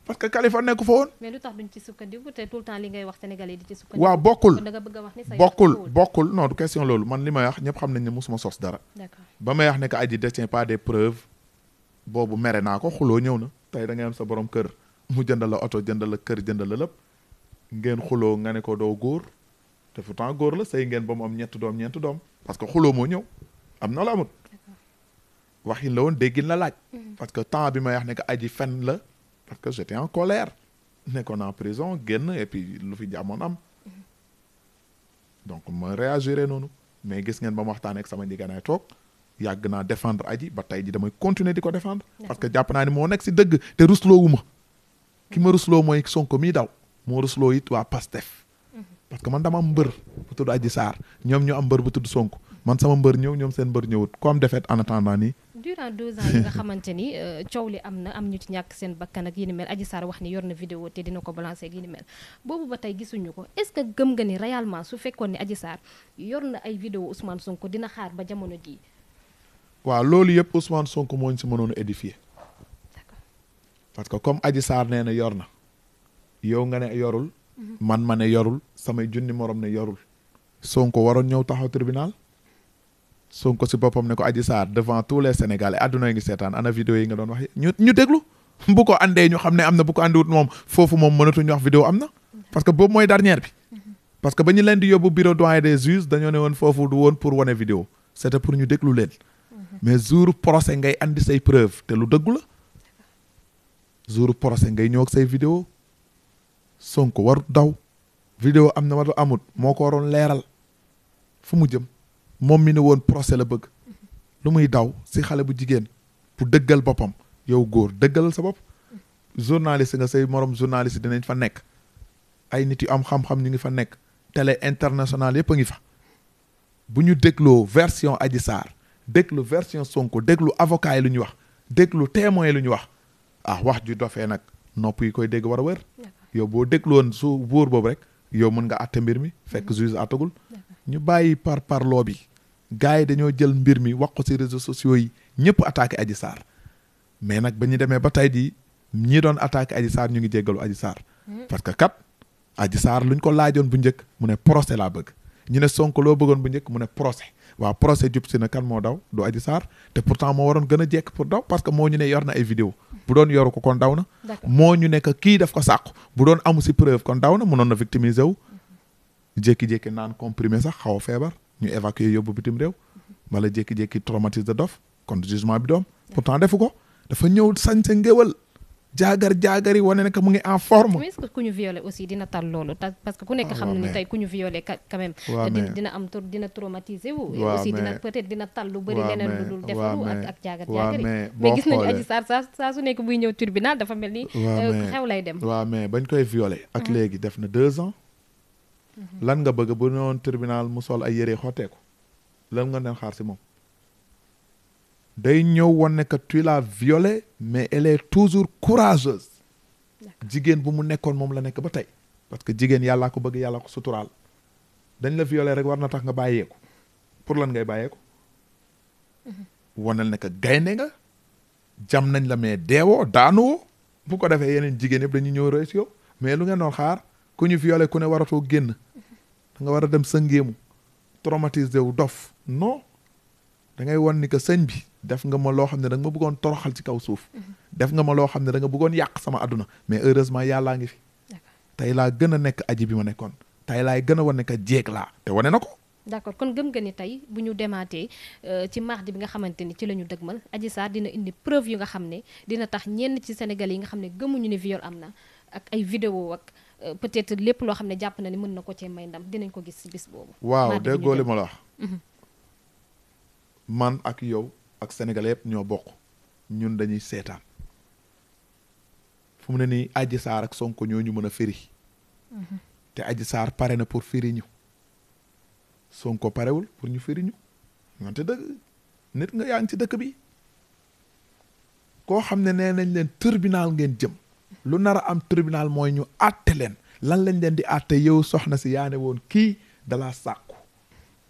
parce que Khalifa nekk fa woon. mais lu tax duñ ci sukkandiku te waaw bokkul a wax ni bokkul bokkul non du question loolu man li may wax ñëpp xam nañ ne mosuma sos dara. d'accord ba may wax ne que Adji détient pas des preuves boobu mere naa ko xuloo ñëw na tey da am sa boroom kër mu jëndal la oto jëndal la kër jëndal la lépp ngeen xuloo nga ne ko doo góor te pourtant góor la sëy ngeen ba mu am ñett doom ñeent doom parce que xuloo moo ñëw am na la amut. waxin la woon déggin la laaj. Mm-hmm. parce que temps bi may wax ne que Adji fen la parce que j'étais en colère nekkoon en prison genn et puis lu fi jàmmoon am donc ma réagiré noonu mais gis ngeen ba ma waxtaanee ak sama njëganaay toog yàgg naa défendre aji ba tey ji damay continuer di ko défendre parce que jàpp naa ni moo nekk si dëgg te rusloowu ma ki ma rusloo mooy Sonko mii daw moo rusloo it waa Pastef parce que man dama am mbër bu tudd Adji Sarr ñoom ñu am mbër bu tudd sonk man sama mbër ñëw ñoom seen mbër ñëwut comme defet en attendant nii durant deux ans yi nga xamante ni euh, coow li am na am ñu ci ñàkk seen bakkan ak yi ni mel Adji Sarr wax ni yor na vidéo te dina ko balancer ak yi ni mel boobu ba tey gisuñu ko est-ce que gëm nga ni réellement su fekkoon ni Adji Sarr yor na ay vidéo Ousmane Sonko dina xaar ba jamono jii. waaw loolu yëpp Ousmane Sonko moo ñu si mënoon édifier. parce que comme Adji Sarr nee na yor na yow nga ne yorul. Mhm. man ma ne yorul samay junni morom ne yorul. Sonko waroon ñëw taxaw tribunal. Sonko si boppam ne ko Adji Sarr devant tous les Sénégalais adduna ngi seetaan ana vidéo yi nga doon wax ñu ñu déglu bu ko andee ñu xam ne am na bu ko andiwut moom foofu moom mënatuñu wax vidéo am na parce que boob mooy dernière bi parce que ba ñu leen di yóbbu bureau doyen des juges dañoo ne woon foofu du woon pour wane vidéo c'était pour ñu déglu leen mais jour procès ngay andi say preuve te lu dëggu la jour procès ngay ñëw say vidéo Sonko warut daw vidéo am na wala amut moo ko waroon leeral mu jëm moom mi ne woon procès la bëgg lu muy daw si xale bu jigéen pour dëggal boppam yow góor dëggalal sa bopp journaliste nga say morom journaliste dinañ fa nekk ay nit yu am xam-xam ñu ngi fa nekk télé international yëpp a ngi fa bu ñu dégloo version Adji Sarr déglu version Sonko déglu avocat yi lu ñuy wax déglu témoin yi lu ñuy wax ah wax ju dofee nag nopp yu koy dégg war a wër yow boo déglu woon su buur boobu rek yow mën nga àtte mbir mi fekk mm-hmm. juge gars yi dañoo jël mbir mi wax ko ci réseaux sociaux yi ñëpp attaqué Adji saar mais nag ba ñu demee ba tey di ñii doon attaqué Adji Sarr ñu ngi jéggalu Adji saar hmm. parce que kat Adji Sarr luñ ko laajoon bu njëkk mu ne procès laa bëgg ñu ne Sonko loo bëggoon bu njëkk mu ne procès waaw procès jub na kan moo daw du Adji Sarr te pourtant moo waroon gën a jekk pour daw parce que moo ñu ne yor na ay vidéo bu doon yoru ko kon daw na moo ñu ne kii def ko sàqu bu doon amu si preuve kon daw na mënoon na victimiser wu hmm. jékki naan comprimé sax xaw feebar ñu évacuer yóbbu bitim réew wala jékki-jékki traumatise dof kon jugement bi doom pourtant defu ko dafa ñëw sañse ngéwal jaagar jaagar yi wane ne que mu ngi en forme. mais aussi dina tal loolu parce que ku nekk ah, xam na ni tey ku ñu violé quand même. dina dina traumatisé peut-être dina tal lu bëri leneen lu dul defaru ak jaagar jaagar mais gis nañu Adji Sarr saa saa su nekk buy ñëw tribunal dafa mel ni. Euh, xew lay dem. waaw mais bañ koy violé. ak léegi def na deux ans. lan nga bëgg bu newoon tribunal mu sol ay yére xotteeku lan nga leen xaar si moom day ñëw woon ne que tu l'as violée mais elle est toujours courageuse jigéen bu mu nekkoon moom la nekk ba tey parce que jigéen yàllaa ko bëgg yàlla ko suturaal dañ la violé rek war na tax nga bàyyeeku pour lan ngay bàyyeeku mm-hmm. wanal ne que gaynde nga jam nañ la mais deewoo daanuwoo bu ko defee yeneen jigéen yëpp dañuy ñëw roy mais lu ngeen doon xaar ku ñu violé ku ne waratoo génn nga war a dem sëngéemu traumatisé wu dof non da ngay wan ni que sëñ bi def nga ma loo xam ne da nga ma bëggoon toroxal ci kaw suuf mhm. def nga ma xam ne da bëggoon yàq sama àdduna mais heureusement yàllaa ngi fi tey laa gën a nekk aji bi ma nekkoon tey laay gën a wane que jéeg laa te wane na ko d'accord kon gëm nga ni tey bu ñu demaatee euh, ci mardi bi nga xamante ni ci la ñu dëgmal Adji Sarr dina indi preuve yu nga xam ne dina tax ñenn ci Sénégalais yi nga xam ne gëmuñu ne viol am na ak ay vidéo ak Euh, peut lépp loo xam ne jàpp na ni mën na ko cee may ndam dinañ ko gis si bis boobu. waaw déggoo li ma la mhm. man ak yow ak sénégalais yëpp ñoo bokk ñun dañuy seetaan fu mu ne nii Adji Sarr ak Sonko ñoo ñu mën a firi. Mhm. te Adji Sarr pare na pour firi ñu. Sonko parewul pour ñu firi ñu. wante dëgg nit nga yaa ngi ci dëkk bi. koo xam ne nee nañ leen tribunal ngeen jëm. lu nar am tribunal mooy ñu àtte leen lan lañ leen di àtte yow soxna si yaa ne woon kii dala sàkku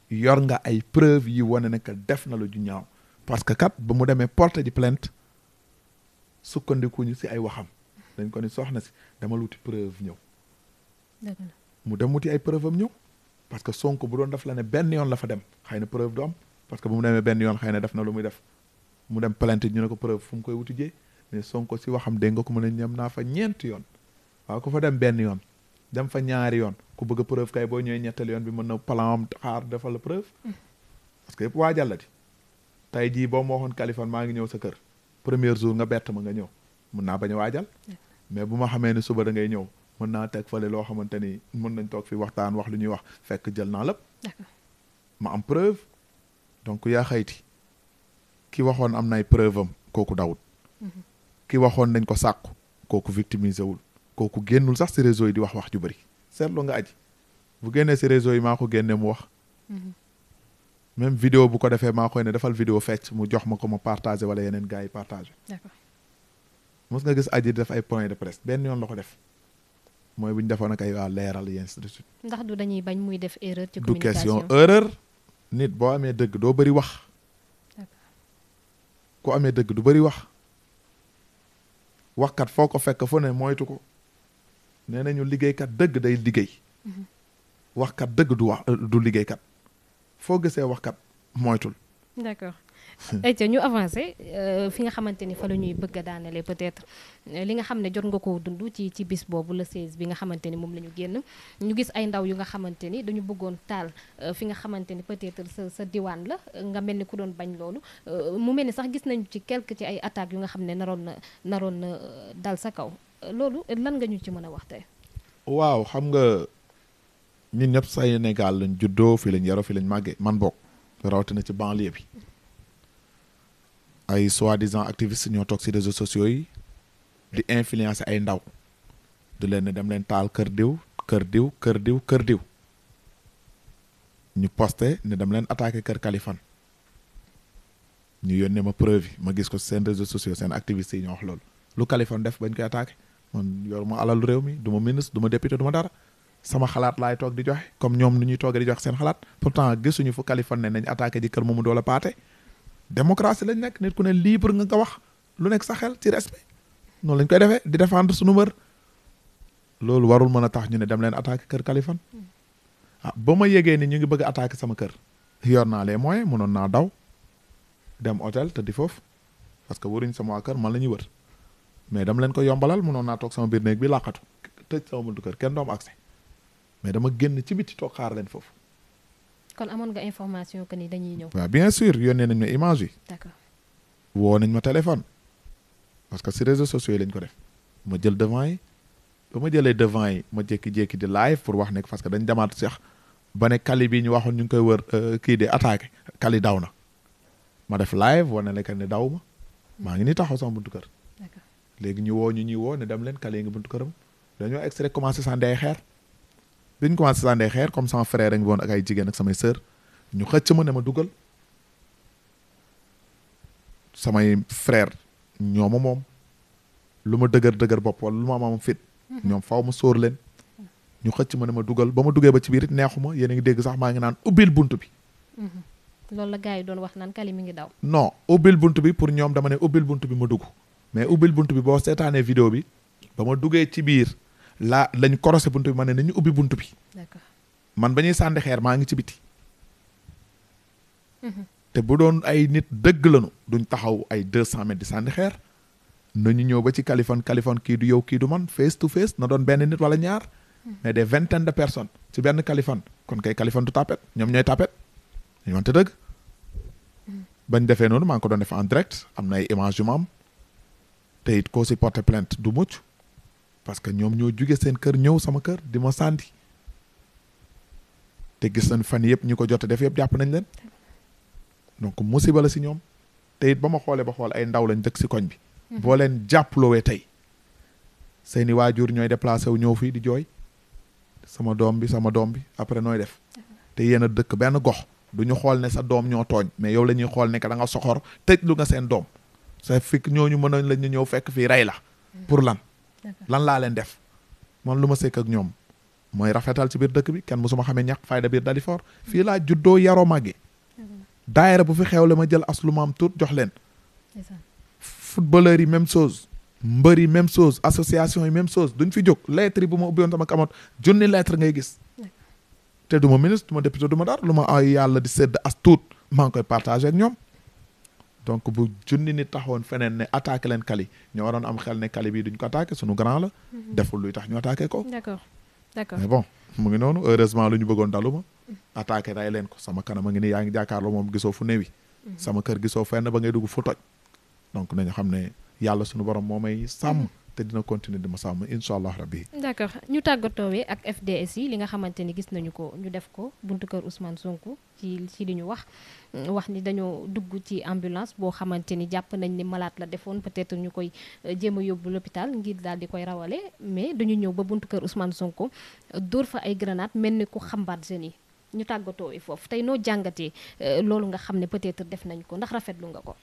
yor nga ay preuve yi wane ne def na lu ju ñaaw parce que kat ba mu demee porter di plainte sukkandikuñu si ay waxam dañ ko ni soxna si dama luti preuve ñëw mu dem wuti ay preuve am ñëw parce que Sonko bu doon def la ne benn yoon la fa dem xëy na preuve du am parce que bu mu demee benn yoon xëy na def na lu muy def mu dem plainte ñu ne ko preuve fu mu koy wuti jee mais Sonko si waxam dégg nga ko mën a dem naa fa ñeent yoon waaw ku fa dem benn yoon dem fa ñaari yoon ku bëgg preuve kay boo ñëwee ñettali yoon bi mën na palam xaar defal la preuve mm. parce que yëpp waajal la di tey jii boo ma waxoon Kaliphone maa ngi ñëw sa kër première jour nga bett ma nga ñëw mën naa bañ a waajal mais bu ma xamee ne suba da ngay ñëw mën naa teg fale loo xamante ni mën nañ toog fi waxtaan wax lu ñuy wax fekk jël naa lépp ma am preuve donc yaa xayti ki waxoon am nay preuve am kooku dawut mm-hmm. ki waxoon nañ ko sàkku kooku victimiser wul kooku génnul sax si réseau yi di wax wax ju bëri seetlu nga aji bu génnee si réseau yi maa ko génne mu wax mm-hmm. même vidéo bu ko defee maa koy ne defal vidéo fecc mu jox ma ko ma partagé wala yeneen gars yi partagé mos nga gis aji def ay point de presse benn yoon la ko def mooy bu ñu defoon ak ay waa leeral yi ainsi de suite ndax du dañuy bañ muy def erreur ci communication du question erreur nit boo amee dëgg doo bëri wax ku amee dëgg du bëri wax waxkat foo ko fekk foo ne moytu ko nee nañu liggéeykat dëgg day liggéey mm-hmm. waxkat dëgg du wax du liggéeykat foo gisee waxkat moytul ayca ñu avancé euh, fi nga xamante ni fa la ñuy bëgg a daanale peut-être euh, li nga xam ne jot nga koo dund ci ci bis boobu la 16 bi nga xamante ni moom la ñu génn ñu gis ay ndaw yu nga xamante ni dañu bëggoon taal euh, fi nga xamante ni peut-être sa sa diwaan la nga mel ni ku doon bañ loolu mu mel ni sax gis nañu ci quelque ci ay attaques yu nga xam ne naroon na naroon na dal sa kaw loolu lan nga ñu ci mën a wax waaw xam nga ñun ñëpp Sénégal lañ juddoo fi lañ yaroo fi lañ màggee man bokk rawatina ci banlieue bi. ay soi-disant activistes ñoo toog ci réseaux sociaux yi di influencer ay ndaw du leen ne dem leen taal kër diw kër diw kër diw kër diw ñu posté ne dem leen attaqué kër Kaliphone ñu yónnee ma preuve yi ma gis ko seen réseaux sociaux seen activistes yi ñoo wax loolu lu Kaliphone def bañ koy attaqué man yor ma alalu réew mi du ma ministre du ma député du ma dara sama xalaat laay toog di joxe comme ñoom nu ñuy toogee di joxe seen xalaat pourtant gisuñu fu Kaliphone ne nañ démocratie lañ nekk nit ku ne libre nga nga wax lu nekk sa xel ci respect noonu lañ koy defee di defendre suñu mër loolu warul mën a tax ñu ne dem leen attaque kër Kaliphone mm. ah ba ma yegee ni ñu ngi bëgg a sama kër yor naa les moyens mënoon naa daw dem hôtel te di foofu parce que waruñ sama waa kër man la ñuy wër mais dama leen ko yombalal mënoon naa toog sama biir néeg bi làqatu tëj sama buntu kër kenn doom accès mais dama génn ci biti toog xaar leen foofu kon amoon nga information que ni dañuy ñëw. waaw bien sûr yónnee nañ ma image yi. d'accord nañ ma téléphone parce que si réseaux sociaux yi lañ ko def ma jël devant yi ba ma jëlee devant yi ma jékki-jékki di live pour wax ne parce que dañ demaat sax ba ne kali bii ñu waxoon ñu ngi koy wër euh, kii de attaqué kali daw na ma def live wane ne que ne daw ma maa ngi ni taxaw sama buntu kër. léegi ñu woo ñu ñuy woo ne dem leen kali nga buntu këram dañoo extrait commencé sànni ay xeer. bi ko commencé sànnee xeer comme sama frère a ngi ak ay jigéen ak samay sœur ñu xëcc ma ne ma dugal samay frère ñooma moom lu ma dëgër dëgër bopp wala lu ma am fit mhm. ñoom faw ma soor leen ñu xëcc ma ne ma dugal ba ma duggee ba ci biir it neexuma yéen a ngi dégg sax maa ngi naan ubbil bunt bi. Mhm. loolu la gars yi doon wax naan kali mi ngi daw. non ubbil bunt bi pour ñoom dama ne ubbil bunt bi ma dugg mais ubbil bunt bi boo seetaanee vidéo bi ba ma duggee ci biir. laa lañ korose bunt bi ma ne nañu ubbi bunt bi man ba ñuy sànni xeer maa ngi ci biti mhm. te bu doon ay nit dëgg lañu duñ taxaw ay deux cent mètres di sànni xeer nañu ñëw ba ci Kaliphone Kaliphone kii du yow kii du man face to face na doon benn nit wala ñaar mhm. mais de des vingtaines de personnes ci benn Kaliphone kon kay Kaliphone du tapet ñoom ñooy tapet ñu wante dëgg mhm. bañ defee noonu maa ngi ko doon def en direct am na ay images yu ma am te it koo si porter plainte du mucc parce que ñoom ñoo jóge seen kër ñëw sama kër di ma sànni te gis nañ fan yëpp ñu ko jot def yëpp jàpp nañ leen donc musiba la si ñoom tey it ba ma xoolee ba xool ay ndaw lañ dëkk si koñ bi. Mhm. boo leen jàpploowee tey seeni waajur ñooy déplacé wu ñëw fii di jooy sama doom bi sama doom bi après nooy def mhm. te yéen dëkk benn gox du ñu xool ne sa doom ñoo tooñ mais yow la ñuy xool ne que da nga soxor tëj lu nga seen doom sa fekk ñooñu mënoon la ñu ñëw fekk fii rey la mhm. lan laa leen def man lu ma sekk ak ñoom mooy rafetal ci biir dëkk bi kenn su ma xamee ñàkk fayda biir Dalifort fii laa juddoo yaroo màggee daayira bu fi xew la ma jël as lu ma am tuut jox leen footballeurs yi même chose mbër yi même chose association yi même chose duñ fi jóg lettre yi bu ma ubbi woon sama kamoot junni lettre ngay gis te du ma ministre du ma député du ma dara lu ma ay yàlla di sedd as tuut maa ngi koy partagé ak ñoom donc bu junni nit taxawoon feneen ne attaqué leen Kali ñoo waroon am xel ne Kali bii duñ ko attaqué sunu grand la. Mhm. deful luy tax ñu attaqué ko. d'accord d'accord mais bon mu ngi noonu heureusement lu ñu bëggoon daluma. attaqué ray leen ko sama kanam a ngi nii yaa ngi jàkkaarloo moom gisoo fu néewi. Mhm. sama kër gisoo fenn ba ngay dugg fu toj. donc nañu xam ne yàlla sunu borom moo may sàmm. te dina continuer di ma sàmm incha allah rabbi d'accord ñu tàggatoowee ak FDS yi li nga xamante ni gis nañu ko ñu def ko buntu kër Ousmane Sonko ci ci li ñu wax mm, wax ni dañoo dugg ci ambulance boo xamante ni jàpp nañ ni malaat la defoon peut-être ñu koy euh, jéem a yóbbu l'hôpital ngir daal di koy rawale mais dañu ñëw ba buntu kër Ousmane Sonko dóor fa ay grenade mel ni ku xambaat jeunes yi ñu tàggatoo foofu tey noo jàngatee euh, loolu nga xam ne peut-être def nañ ko ndax rafetlu nga ko.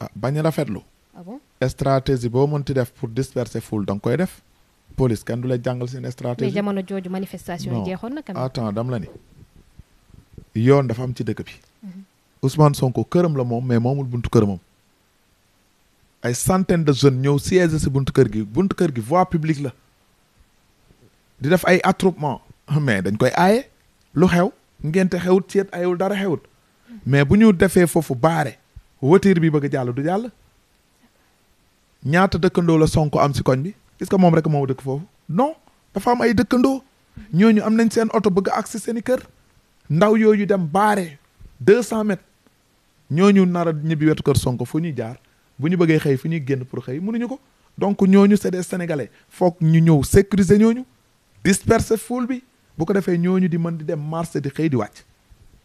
ah bañ rafetlu. ah stratégie boo mënti def pour disperser foule da koy def police kenn du la jàngal seen stratégie. mais jamono jooju manifestation yi jeexoon na. quand même attends dam la ni yoon dafa am ci dëkk bi. Mhm. Ousmane Sonko këram la moom mais moomul buntu këramam. ay centaine de jeunes ñëw siège si buntu kër gi buntu kër gi voie publique la. di def ay attroupement mais dañ koy aaye lu xew ngente xewut ceet ayewul dara xewut mhm. mais bu ñu defee foofu baare voiture bi bëgg a jàll du jàll. ñaata dëkkandoo la Sonko am si koñ bi gis nga moom rek moo dëkk foofu non dafa am ay dëkkandoo ñooñu am nañ seen oto bëgg ak si seen i kër ndaw yooyu dem baare deux cent mètres ñooñu nara a ñibbi wetu kër sonk fu ñuy jaar bu ñu bëggee xëy fu ñuy génn pour xëy munuñu ko donc ñooñu c'est des sénégalais foog ñu ñëw sécuriser ñooñu disperser foule bi bu ko defee ñooñu di mën di dem marché di xëy di wàcc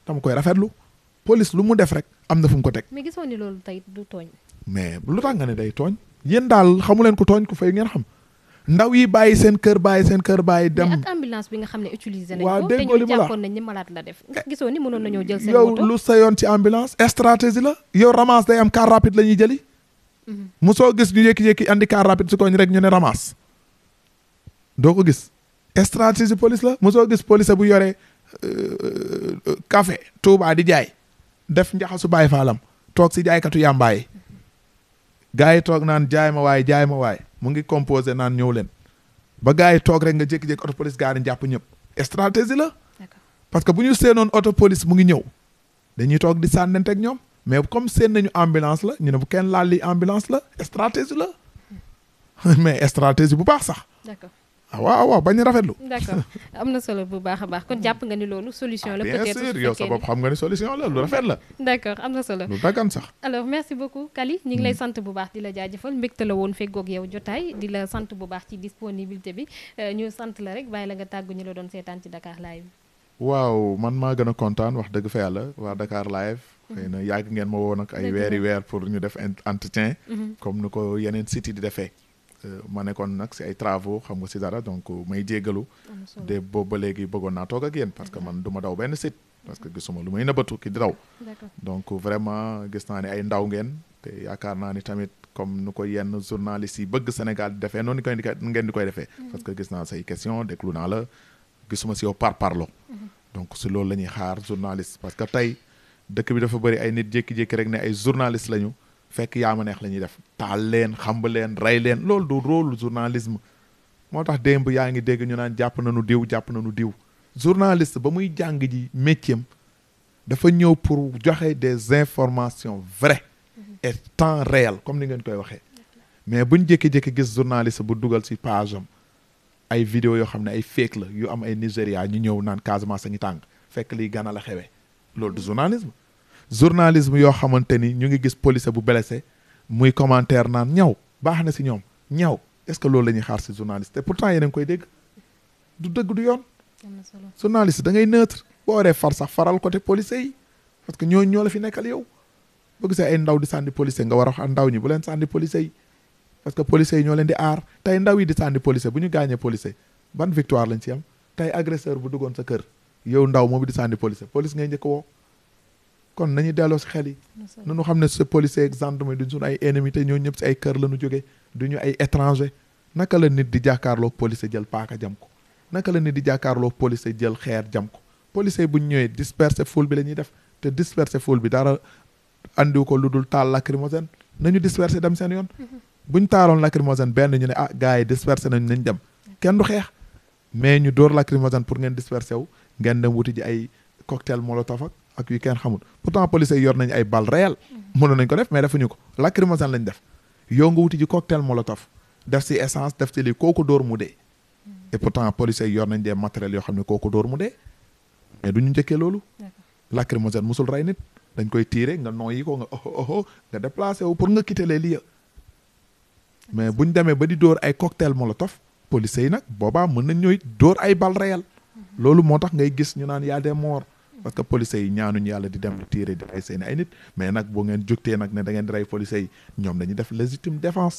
dama koy rafetlu police lu mu def rek am na fu mu ko teg. mais gisoo ni loolu tey du tooñ. mais lu tax nga ne day tooñ. yéen daal xamu leen ko tooñ ko fay ngeen xam ndaw yi bàyyi seen kër bàyyi seen kër bàyyi dem mais ak ambulance bi nga xam ne utiliser nañ ko te ñu jàppoon nañ ni malade la def ndax gisoo ni mënoon nañoo jël seen moto yow lu sa yoon ci ambulance stratégie la yow ramasse day am car rapide la ñuy jëli mhm. mosoo gis ñu yékki-yékki andi car rapide su koñ rek ñu ne ramasse doo ko gis stratégie police la mosoo gis police bu yore euh, euh, café Touba di jaay def njaxasu bàyyi faalam toog si jaaykatu yàmbaay gars yi toog naan jaay ma waay jaay ma waay mu ngi composé naan ñëwleen ba gars yi toog rek nga jékki-jékki auto police gars yi jàpp ñëpp stratégie la parce que bu ñu seenoon auto police mu ngi ñëw dañuy toog di sànnante ak ñoom mais comme seen nañu ambulance la ñu ne bu kenn laal li ambulance la stratégie la mais stratégie bu baax sax Ah, waaw waaw bañ rafet rafetlu. d'accord am na solo bu baax a baax kon jàpp nga ni loolu solution la. Ah, peut-être bien yow sa xam nga ni solution la lu rafet la. d'accord am na solo lu daggan sax. alors merci beaucoup Kali ñu ngi lay mm. sant bu baax di la jaajëfal mbégte la woon feggoog yow jotaay di la sant bu baax ci disponibilité bi euh, ñu sant la rek bàyyi la nga tàgg ñu la doon seetaan ci Dakar Live. waaw man maa gën a kontaan wax dëgg fa yàlla waa Dakar Live. Mm-hmm. xëy na yàgg ngeen woo nag ay weeri weer pour ñu def entretien. Mm-hmm. comme ni ko yeneen sites di defee. ma nekkoon nag si ay travaux xam nga si dara donc may jéggalu de boobu ba léegi bëggoon naa toog ak yéen parce que man du ma daw benn sit parce que gisuma lu may nëbbatu ki di daw donc vraiment gis naa ne ay ndaw ngeen te yaakaar naa ni tamit comme nu ko yenn journaliste yi bëgg Sénégal defee noonu koy ngeen di koy defee mm-hmm. parce que gis naa say question déglu naa la gisuma si yow par parlo mm-hmm. donc si loolu la ñuy xaar journaliste parce que tey dëkk bi dafa bëri ay nit jékki rek ne ay journaliste lañu fekk yaa ma neex la ñuy def taal leen xamb leen rey leen loolu du rôle journalisme moo tax démb yaa ngi dégg ñu naan jàpp nañu diw jàpp nañu diw journaliste ba muy jàng ji métier dafa ñëw pour joxe des informations vraies mhm. et temps réel comme ni ngeen koy waxee mais buñ jékki-jékki gis journaliste bu dugal ci page ay vidéo yoo xam ne ay fake la yu am ay Nigéria ñu ñëw naan Casamance a ngi tàng fekk liy Gana la xewee loolu du journalisme journalisme yoo xamante ni ñu ngi gis policier bu blessé muy commentaire naan ñaw baax na si ñoom ñaw est-ce que loolu la ñuy xaar si journaliste te pourtant yéen a koy dégg du dëgg du yoon. journaliste da ngay neutre boo waree far sax faral côté policier yi parce que ñooñu ñoo la fi nekkal yow boo gisee ay ndaw di sànni policier nga war a wax ndaw ñi bu leen sànni policier yi parce que policier yi ñoo leen di aar tey ndaw yi di sànni policier bu ñu gaañee policier ban victoire lañ ci am tey agresseur bu duggoon sa kër yow ndaw moom di sànni policier police ngay njëkk woo kon nañu delloo si xel yi nunu xam ne ce policier ak gendarme duñ ay ennemi te ñoo ñëpp si ay kër lañu ñu jóge duñu ay étranger naka la nit di jàkkaarloo police jël paaka jam ko naka la nit di jàkkaarloo police jël xeer jam ko police bu ñu ñëwee disperser foule bi la ñuy def te disperser foule bi dara andiw ko lu dul taal lacrymogène nañu disperser dem seen yoon mm-hmm. buñ taaloon lacrymogène benn ñu ne ah gars yi disperser nañ nañ dem kenn du xeex mais ñu dóor lacrymogène pour ngeen disperser wu ngeen dem wuti ji ay cocktail molotov ak ak yu kenn xamul pourtant police yi yor nañ ay balles réelles mm-hmm. mënoon nañ ko def mais defuñu ko lacrymogène lañ def yow nga wuti ji cocktail molotov def si essence def si lii kooku dóor mu de mm-hmm. et pourtant police yi yor nañ dee matériel yoo xam ne kooku dóor mu de mais du ñu njëkkee loolu lacrymogène mosul rey nit dañ koy tiire nga yi ko nga oho oho oh, nga déplacé wu pour nga quitter les lieux mais ñu demee ba di dóor ay cocktail molotov police yi nag boobaa mën nañ ñooy dóor ay balles réelles mm-hmm. loolu moo tax ngay gis ñu naan y des morts parce que policiers yi ñaanuñu yàlla di dem di tirer di rey seen ay nit mais nag boo ngeen jógtee nag ne da ngeen di rey policiers yi ñoom dañuy def légitime défense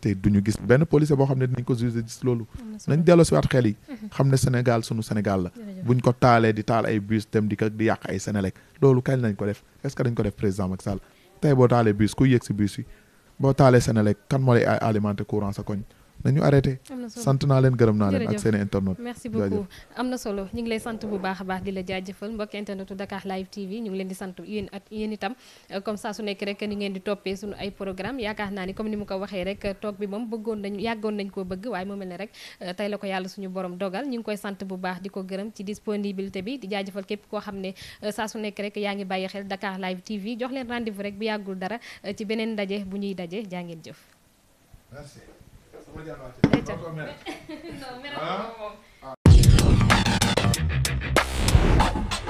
te duñu gis benn policier boo xam ne dañ ko jugé gis loolu nañ delloo si waat xel yi mhm. xam ne Sénégal sunu Sénégal la buñ ko taalee di taal ay bus dem di ko di yàq ay Sénélec loolu kañ lañ ko def est ce dañ ko def président Macky Sall tey boo taalee bus ku yëg si bus yi boo taalee Sénélec kan moo lay alimenté courant koñ nañu arrêté sant naa leen gërëm naa leen ak seen internet na solo ñu ngi lay sant bu baax a baax di la jaajëfal mbokk internetu Dakar Live TV ñu ngi leen di sant yéen ak yéen itam comme ça su nekk rek ni ngeen di toppee suñu ay programme yaakaar naa ni comme ni mu ko waxee rek toog bi moom bëggoon nañu yàggoon nañ koo bëgg waaye mu mel ne rek euh, tey la ko yàlla suñu borom dogal ñu ngi koy sant bu baax di ko gërëm ci disponibilité bi di jaajëfal képp koo xam ne euh, saa su nekk rek yaa ngi bàyyi xel Dakar Live TV jox leen rendez-vous rek bu yàggul dara euh, ci beneen ndaje bu ñuy daje jaa ngeen non